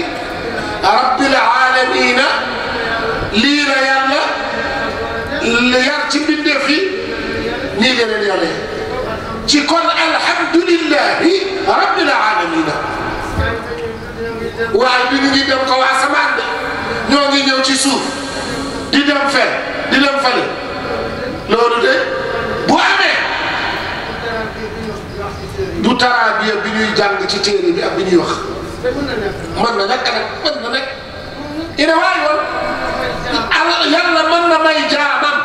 rabbil alamina la yar ci mbindeef yi ñii leneen yàlla yi ci kon alhamdulillahi rabbil alamina waaye bi ñu ngi dem ko waa samaan de ñoo ngi ñëw ci suuf di dem fen di dem fale loolu de bu amee du taraabiya bi ñuy jàng ci téere bi ak bi ñuy wax mën na nekk nag mën na nekk ina waay woon yàlla mën na may jaamam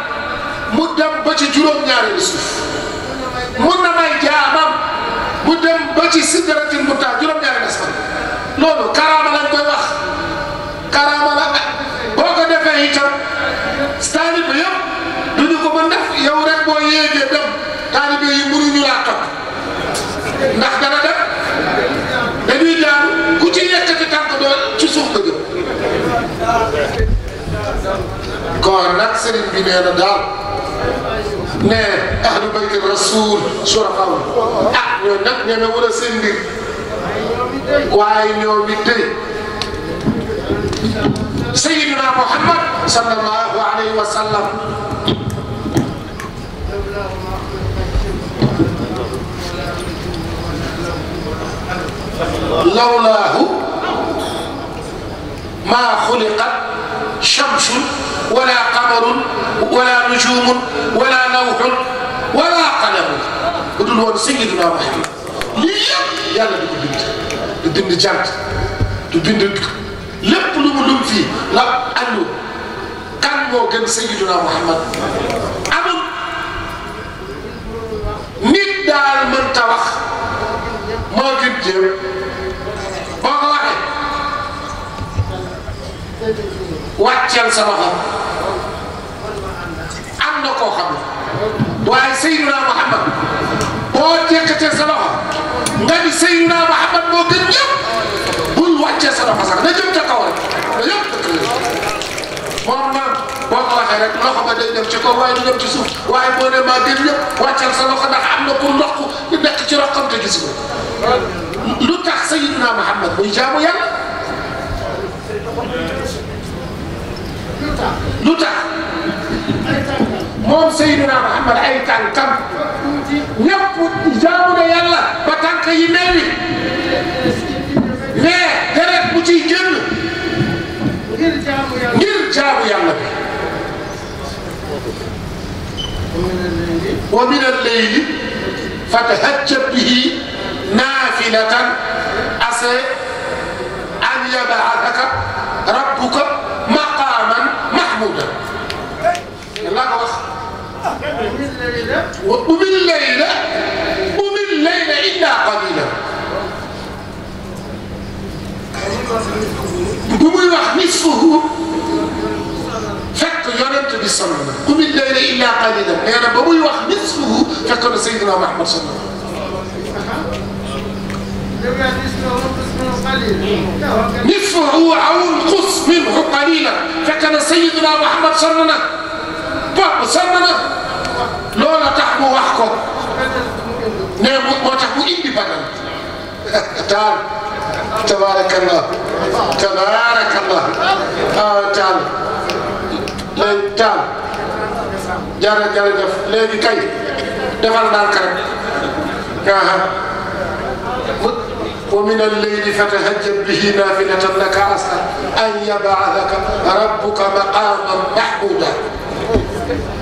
mu dem ba ci juróom-ñaareelu suuf mun na may jaamam mu dem ba ci sidratil muntaha juróom-ñaareelu asamaan loolu karaama lañ koy wax karaama la boo ko defee itam taalibe yëpp du ñu ko mën def yow rek boo yéegee dem taalibe yi mënuñu laa topp ndax dana dem dañuy ku ci yëkkati tànk doon ci suuf ba nag sëriñ bi nee na daal. ne ahlu bayti rasul surafaw ah ñoo nag ñeme wala seen mbir waaye ñoom it tey sayyidina Muhammad sallallahu alayhi wa sallam lawlaahu maa xuliqat shamsun ولا قمر ولا نجوم ولا نوح ولا قلم ودول هو سيدنا محمد ليه يلا بنت بنت جات لب لوم لا الو كان مو كان محمد انا أمم. نيت دار من تاخ جيم wàcceel sa loxo am na koo xam ne waaye Seydina Muhammad boo jekkatee sa loxo nga ni Seydina Muhammad moo gën ñëpp bul wàccee sa loxo sax na jëm ca kaw rek na yëpp dëkk moom man boo ko waxee rek loxo ba day dem ci kaw waaye du dem ci suuf waaye boo ne maa gën ñëpp wàcceel sa loxo ndax am na ku ndox ku nekk ci roqam te gis nga lu tax Seydina Muhammad muy jaamu yàlla. lu tax moom Seydina Muhammad ay tànkam ñëpp jaamu na yàlla ba tànk yi néewi mais deret bu ciy génn ngir jaamu yàlla bi wa min al-layli fatahajjab bihi naafilatan asa an yab'athaka rabbuka وقم الليل قم الليل إلا قليلا بقوم الواحد نصفه فك يرمت بالصلاة قم الليل إلا قليلا يعني قم الواحد نصفه فكر سيدنا محمد صلى الله عليه وسلم نصفه أو انقص منه قليلا فكان سيدنا محمد صلى الله عليه وسلم loola tax mu wax ko ne moo tax mu indi banal taal tabaarakallah tabaarakallah ah taal léegi taal jaara jërëjëf léegi kay defal ndànk rek aha ومن الليل فتهجد به نافلة لك عسى أن يبعثك ربك مقاما محمودا.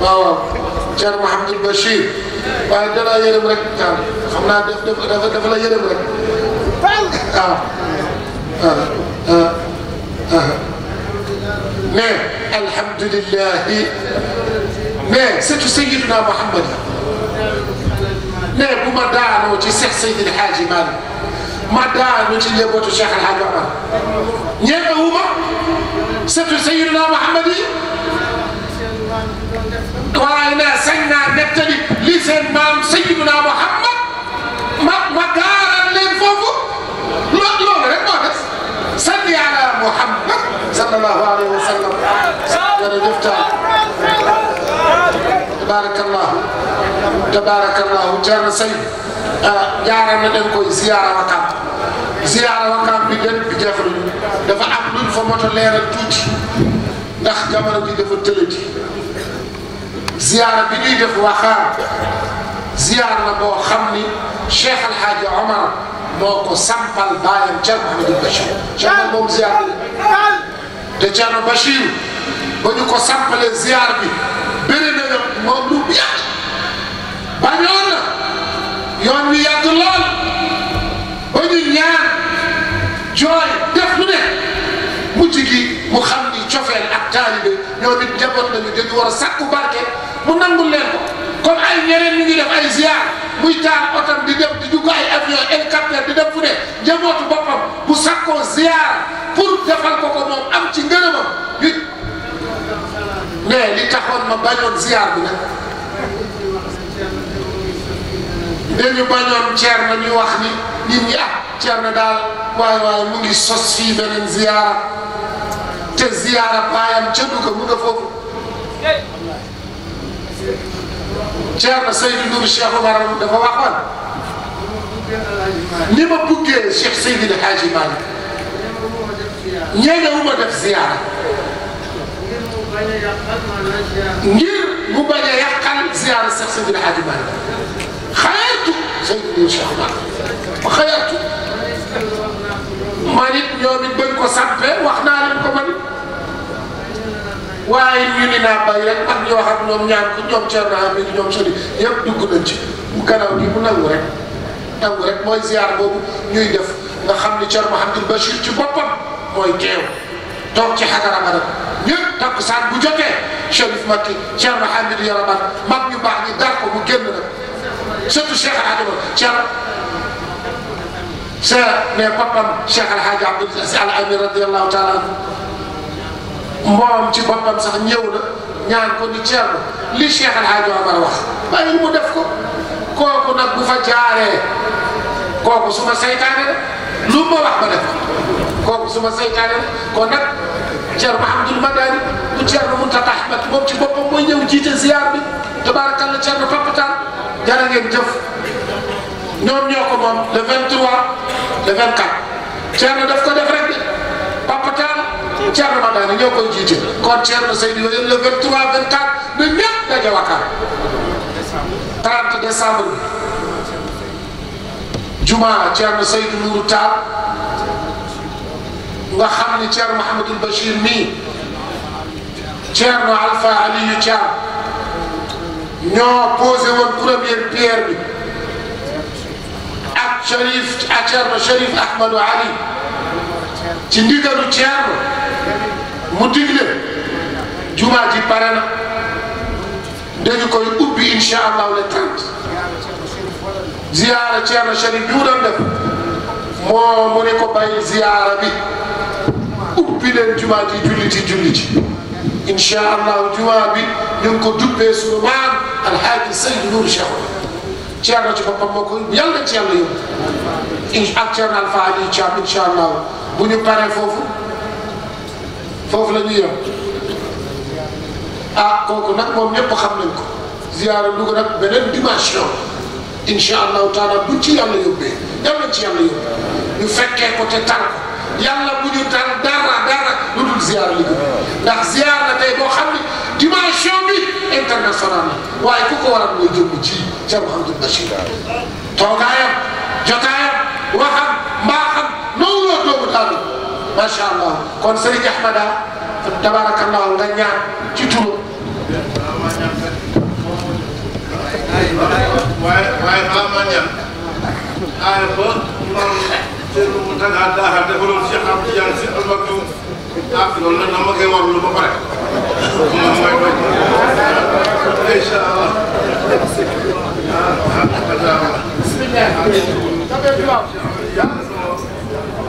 ما Thierno Mouhamadou Bachir waaye danaa yërëm rek waaw xam naa def dafa dafa la yërëm rek waaw ah waaw ne alhamdulillah ne c'est Seydina mohammed ne bu ma daanoo ci cheikh Seydi El Hadji ma daano ci njabootu Cheikh El Hadji Omar ñeewuma c'est Seydina mohammed toralna sañna nettali li seen maam sayyiduna muhammad ma ma gaaral leen foofu loo loolu rek moo des salli ala muhammad sallallahu alayhi wa sallam jërëjëf taal tabarakallahu tabarakallahu ceerno sëy jaaral na leen koy ziyaara wakaam ziyaara wakaam bi gën bi jeexaluñu dafa am luñ fa moto leeral tuuti ndax jamono ji dafa tëlëti ziyaara bi ñuy def waxaar ziyaar boo xam ni Cheikh El Hadj Omar moo ko sampal baayam Thierno te Thierno Bachir ba ñu ko sampalee ziyaar bi bëri na moom lu mu yàgg yoon wi yàgg lool ba ñu ñaan jooy def lu ne mujj gi mu xam ni cofeel ak taalibe ñoo nit njaboot nañu dañu war a sàkku mu nangul leen ko kon ay ñeneen ñu ngi def ay ziar muy taal otam di dem di dugg ay avion hélicoptère di dem fu ne njabootu boppam bu sakkoo ziar pour defal ko ko moom am ci ngërëmam it mais li taxoon ma bañoon ziar bi nag dañu bañoon Thierno ñu wax ni nit ñi ah Thierno daal waaye waaye mu ngi sos fii beneen ziara te ziara baayam ca Louga mu nga foofu. Thierno Seydou Nourou Cheikh Omar dafa waxoon ni ma buggee Cheikh Seydil Hadji Malick ñeemewu ma def ziyaara ngir mu bañ a yàqal ziyaara Cheikh Seydil Hadji Malick xayatu Seydou Nourou Cheikh Omar ma xayatu man it ñoom it bañ ko sappe wax naa leen ko man waaye ñu ni naa bay rek ak ñoo xam ñoom ñaan ko ñoom Thierno Amady ñoom Sodi yëpp dugg nañ ci bu gannaaw gi bu nangu rek nangu rek mooy ziar boobu ñuy def nga xam ni Thierno Mouhamadul Bachir ci boppam mooy teew toog ci xagaram rek ñëpp takkusaan bu jotee Chérif Makki Thierno Hamidou Yaramat mag ñu baax ñi dar ko mu génn nag surtout Cheikh Adama Thierno sa ne boppam Cheikh Al Hadj Abdoulaye Al Amir radiyallahu taala anhu moom ci boppam sax ñëw na ñaan ko ni Thierno li Cheikh El a Omar wax bàyyil mu def ko kooku nag bu fa jaaree kooku su ma saytaane la lu ma wax ma def ko kooku su ma saytaane la kon nag Thierno Mahamadul Madani bu Thierno Mountakha Ahmed moom ci boppam mooy ñëw jiite ziar bi tabaarakalla Thierno Papataan jërë ngeen jëf ñoom ñoo ko moom le 23 le 24 Thierno daf ko def rek. Thierno Madani ñoo koy jiite kon Thierno Seydou yooyu le 23 24 na ñëpp daje Wakam 30 décembre juma Thierno Seydou Nourou Tall nga xam ni Thierno Mouhamadul Bachir mii Thierno Alpha Aliou Thiam ñoo posé woon première pierre ak Cherif ak Thierno Cherif Ahmadou Ali. ci ndigalu Thierno mu digle jumaa ji pare na dañu koy ubbi incha allahu ziyaara Thierno Chérif bi mu doon def moo mu ne ko ziyaara bi ubbi leen jumaa ji julli ci jumaa bi ñu ngi ko dubbee suñu maam alxaaji Seydou Nour Cheikh Thierno ci boppam moo ko yàlla ci yàlla yóbbu ak Thierno Alfa Ali Thiam incha allahu bu ñu paree foofu foofu la ñu yem ah kooku nag moom ñëpp xam nañ ko ziyaara Louga nag beneen dimension incha allahu taala bu ci yàlla yóbbee yàlla ci yàlla yóbbee ñu fekkee ko te tar ko bu ñu tar dara dara lu dul ziyaara Louga ndax ziyaara la tey boo xam ne dimension bi international la waaye ku ko waral mooy jëmm ci Cheikh Mouhamadou Bachir toogaayam jotaayam waxam mbaax mënoo doomu daanu macha allah kon Serigne Ahmada tabarakallah nga ñaan ci turam. waaye waaye balaa maa ñaan aaya ba maam Seydou Moutaga Daha defaloon Cheikh Abdou Diagne si albert Diouf ah loolu nag dama koy warlu ba pare moom mooy doon incha allah ah ah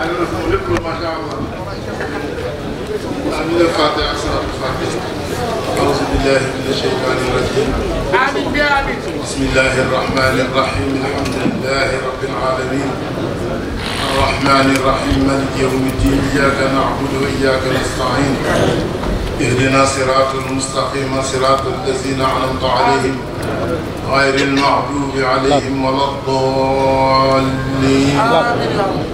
بسم الله الرحمن الرحيم الحمد لله رب العالمين الرحمن الرحيم مالك يوم الدين إياك نعبد وإياك نستعين اهدنا صراط المستقيم صراط الذين أنعمت عليهم غير المعبود عليهم ولا الضالين آمين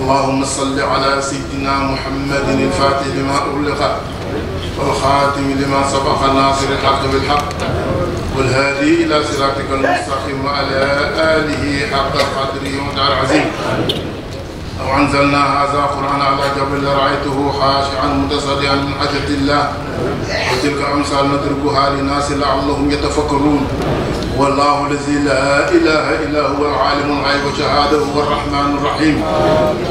اللهم صل على سيدنا محمد الفاتح لما أغلق والخاتم لما سبق ناصر الحق بالحق والهادي إلى صراطك المستقيم وعلى آله حق القدر ومدار العزيم لو أنزلنا هذا القرآن على جبل لرأيته خاشعا متصدعا من حجة الله وتلك أمثال نتركها للناس لعلهم يتفكرون هو الله الذي لا إله إلا هو العالم الغيب والشهادة هو الرحمن الرحيم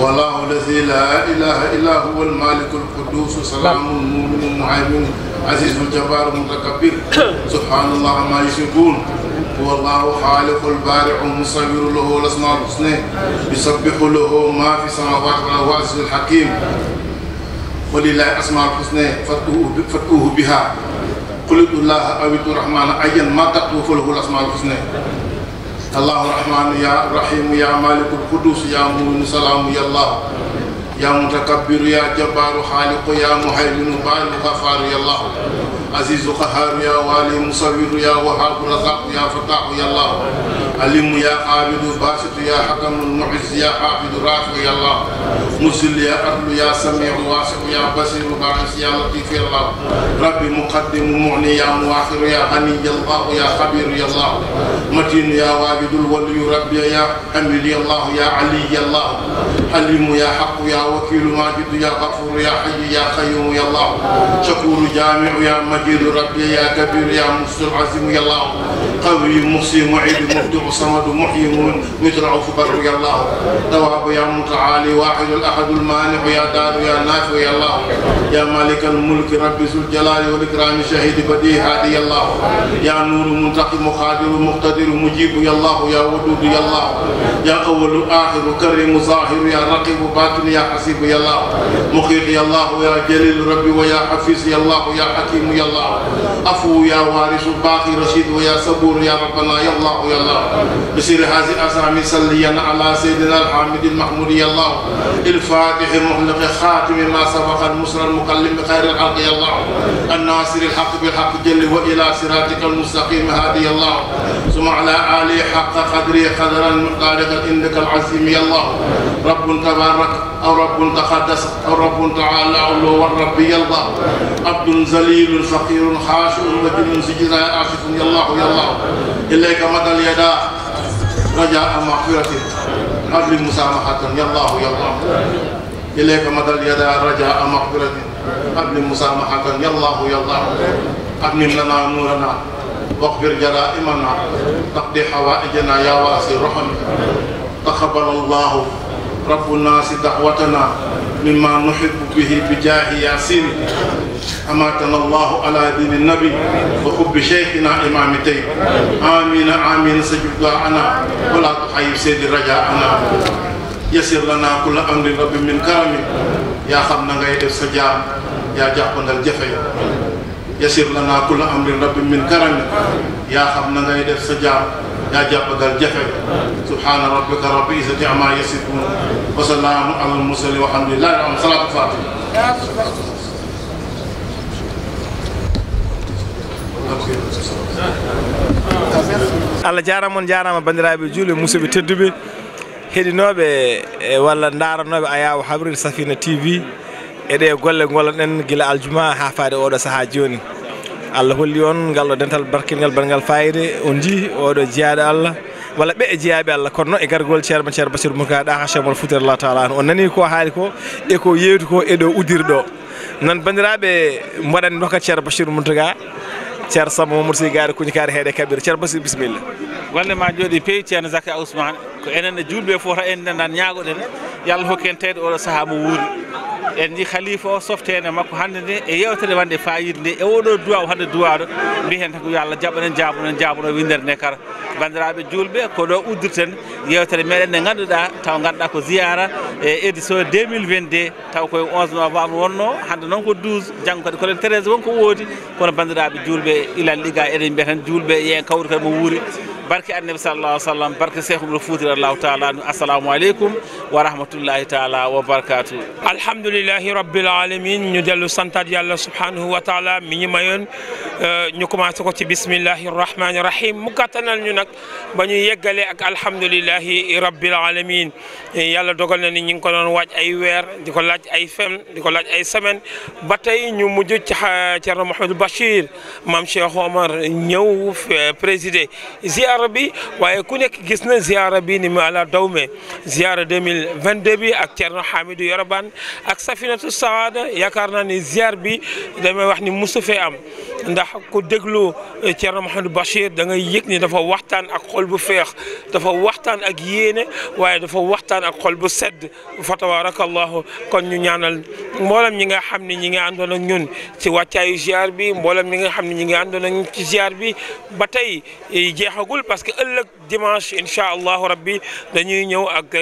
هو الله الذي لا إله إلا هو المالك القدوس سلام المؤمن المهيمن عزيز الجبار المتكبر سبحان الله ما يشركون هو الله خالق البارع المصور له الاسماء الحسنى يسبح له ما في السماوات والارض الحكيم ولله الاسماء الحسنى فاتقوه بها قل الله او الرحمن أين ما تطلبوا له الاسماء الحسنى الله الرحمن يا رحيم يا مالك القدوس يا مؤمن سلام يا الله يا متكبر يا جبار خالق يا مهيمن بارك غفار يا الله عزيز قهار يا والي مصور يا وهاب رزاق يا فتاح يا الله علم يا عابد باسط يا حكم المعز يا حافظ رافع يا الله مسل يا عدل يا سميع واسع يا بصير باعث يا لطيف يا الله ربي مقدم معني يا مؤخر يا غني يا الله يا خبير يا الله متين يا واجد الولي ربي يا حميد يا الله يا علي يا الله حليم يا حق يا وكيل ماجد يا غفور يا حي يا قيوم يا الله شكور جامع يا مجيد ربي يا كبير يا مستر عزيم يا الله قوي محسن معيد مفتوح الصمد محيي يترع في بر يا الله دواب يا متعالي واحد الاحد المانع يا دار يا نافع يا الله يا مالك الملك رب ذو الجلال والاكرام شهيد بديع هادي الله يا نور منتقم قادر مقتدر مجيب يا الله يا ودود يا الله يا اول اخر كريم ظاهر يا رقيب باطن يا حسيب يا الله مخيط يا الله يا جليل ربي ويا حفيظ يا الله يا حكيم يا الله عفو يا وارث باقي رشيد ويا صبور يا ربنا يا الله يا الله بسير هذه الأزرام صليا على سيدنا الحامد المحمود يا الله الفاتح المحلق خاتم ما سبق المسر المقلم بخير الحق يا الله الناصر الحق بالحق جل وإلى صراطك المستقيم هادي الله ثم على آله حق قدري قدرا مقارقا إنك العزيم يا الله رب تبارك أو رب تقدس أو رب تعالى علو والرب يرضى عبد ذليل فقير خاشع مجن سجدا عاشق يا الله يا الله إليك مدى اليدا رجاء مغفرته أجل مسامحة يا الله يا الله إليك مدى اليدا رجاء مغفرته أجل مسامحة يا الله يا الله أمن لنا نورنا واغفر جرائمنا تقضي حوائجنا يا واسع رحمك تقبل الله ربنا دعوتنا مما نحب به بجاه ياسين أماتنا الله على دين النبي وحب شيخنا إمام تيم آمين آمين سجد دعانا ولا تحيب سيد رجاءنا يسر لنا كل أمر رب من كرم يا خمنا غير السجام يا جعبنا الجفي يسر لنا كل أمر رب من كرم يا خمنا غير السجام يا جاب ذا الجفع سبحان ربك رب العزة عما يصفون وسلام على المرسلين والحمد لله رب العالمين صلاة الفاتحة allah jarama on jarama bandiraɓe juule musidɓe tedduɓe heɗinoɓe e walla daranoɓe ayawo habrir safina tv eɗe golle golanɗen gila aljuma ha faade oɗo saaha joni allah holli on ngal ɗo dental barkilngal bangal fayide o jii oɗo jeyaɗo allah walla ɓe e jeyaɓe allah kono noon e gargol ceerno ceerno basir mouka ɗaha chemol futere allah taala an o nani ko haali ko e ko yeewti ko e ɗo udirɗo nan bandiraɓe mbaɗani doka ceerno basir mountaga ceerno samba mamoudo si gaade kuñikaare heeɗe kaɓir ceerno basir bisimilla gollema jooɗi pewi ceerno zaky ousmane ko enenne julɓe fota en nan ñagoɗen yo allah hokki en teede oɗo saaha mo wuuri en ji halifa o softene makko hannde nde e yewtere wande fayide nde e oɗo duwa hande duwaɗo mbiyen tan ko yo allah jaɓanen jaabunen jaabuno windere nde kara bandiraɓe julɓe ko ɗo uddirten yewtere meɗen nde ganduɗa taw ganduɗa ko ziyara e édition 2022 taw koye 11 novembre wonno hande noon ko 12 janggo kadi kolen 13 wonko woodi kono bandiraɓe julɓe ilal liga eɗen mbiya tan julɓe yeen kawri kadi mo wuuri barke annabi sallallah sallam barke cheikhumno fuutira الله تعالى السلام عليكم ورحمه الله تعالى وبركاته الحمد لله رب العالمين نديلو سانتا الله سبحانه وتعالى مي مايون ñu commencé ko ci bismillahir rahmanir rahim mu gàttanal ñu nak ba ñu yeggalee ak alhamdulilahi rabbil alamin yàlla dogal na ni ñing ko don wacc ay wër diko ko laaj ay fem diko ko laaj ay semaine ba tey ñu mujj ci cheikh Mouhamadou Bachir mam Cheikh Omar ñëw président ziar bi waye ku nek gis na ziar bi ni ma la dawme ziar 2022 bi ak cheikh Hamidou Yoroban ak Safinatu Saada yakarna ni ziar bi dama wax ni musufé am ndax ku déglu cheikh Mouhamadou Bachir da ngay yëg ni dafa waxtan ak xol bu feex dafa waxtan ak yéene waaye dafa waxtan ak xol bu sedd fa tawarakallah kon ñu ñaanal mbolam ñi nga xamni ñi nga andon ak ñun ci waccay ziar bi mbolam ñi nga xamni ñi nga andon ak ci ziar bi ba tey jeexagul parce que ëllëg dimanche incha allahu rabbi dañuy ñëw ak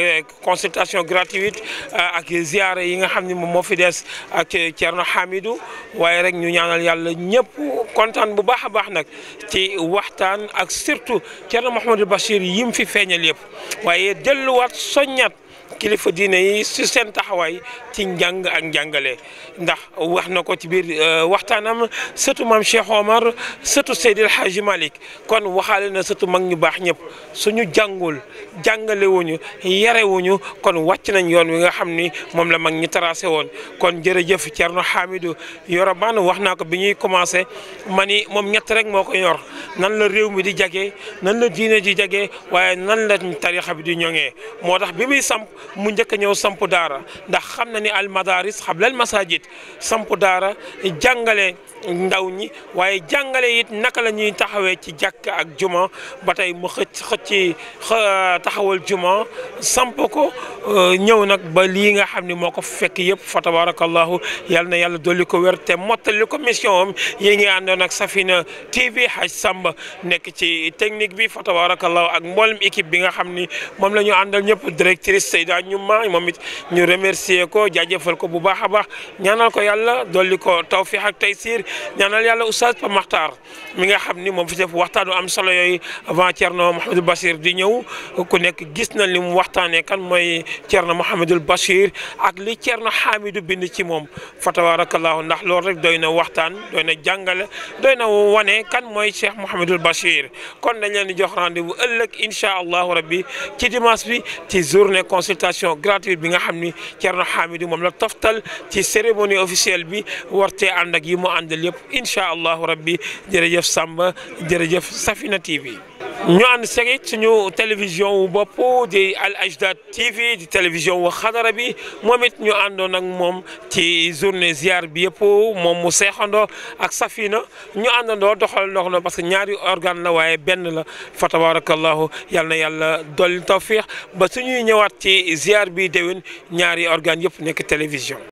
consultation gratuite ak ziar yi nga xamni mo fi dess ak Thierno Hamidou waye rek ñu ñaanal yàlla ñëpp kontaan bu baax a baax nag ci waxtaan ak surtout Thierno Mouhamadou Bachir yi mu fi feeñal yëpp waaye delluwaat soññat kilifa diine yi si sen taxaway ci njang ak njàngale ndax wax na ko ci bir euh, waxtanam sëtu mam Cheikh Omar Seydil malik kon waxale na sëtu mag ñu bax ñep suñu jangul jàngale wuñu yare wuñu kon wacc nañ yoon wi nga xamni mom la mag ñi tracé won kon jërëjëf Thierno Hamidou Yoroban wax naa ko bi ñuy commencé mani mom ñet rek moko yor nan la rew mi di jage nan la diine ji jage waye nan la tariikha bi di ñongé motax bi muy samp mu njëkk a ñëw samp daara ndax xam na ni al madaris xablal masajid samp daara jàngale ndaw ñi waaye jàngale it naka la ñuy taxawee ci jàkk ak juma ba tey mu xëcc xëcc taxawal juma samp ko euh, ñëw nag ba lii nga xam ni moo ko fekk yëpp fa tabarakallahu yal na yàlla dolli ko wér te mottali ko mission am yi ngi àndoon ak Safina TV Haj Samba nekk ci technique bi fa tabarakallahu ak mboolem équipe bi nga xam ni moom la ñu àndal ñëpp directrice Seyda ñu ma moom it ñu remercier ko jaajëfal ko bu baax a baax ñaanal ko yalla yàlla dolli ko tawfiq ak taysiir ñaanal yàlla oustaz Pa Maxtaar mi nga xam ni moom fi def waxtaanu am solo yooyu avant Thierno Mouhamadou Bachir di ñëw ku nekk gis na li mu waxtaanee kan mooy Thierno Mouhamadou Bachir ak li Thierno Hamidou bind ci moom fa tabarakallahu ndax loolu rek doy na waxtaan doy na jàngale doy na wane kan mooy Cheikh Mouhamadou Bachir kon dañ leen di jox rendez-vous ëllëg incha allahu rabbi consultation gratuite bi nga xamni cierno Thierno Hamidou moom la toftal ci cérémonie officielle bi warté ànd ak yi mu àndal yëpp inshallah rabbi jerejeuf Samba jerejeuf Safina TV. ñu ànd seeg suñu télévision wu bopp di Al Ajdad TV di télévision wu xadara bi moom it ñu àndoon ak moom ci journée ziar bi yëpp moom mu seexandoo ak Safina ñu àndandoo doxal ndox na parce que ñaari organ la waaye benn la fa tabarakallahu yal na yàlla dolli tawfiix ba suñuy ñëwaat ci ziar bi déwén ñaari organe yëpp nekk télévision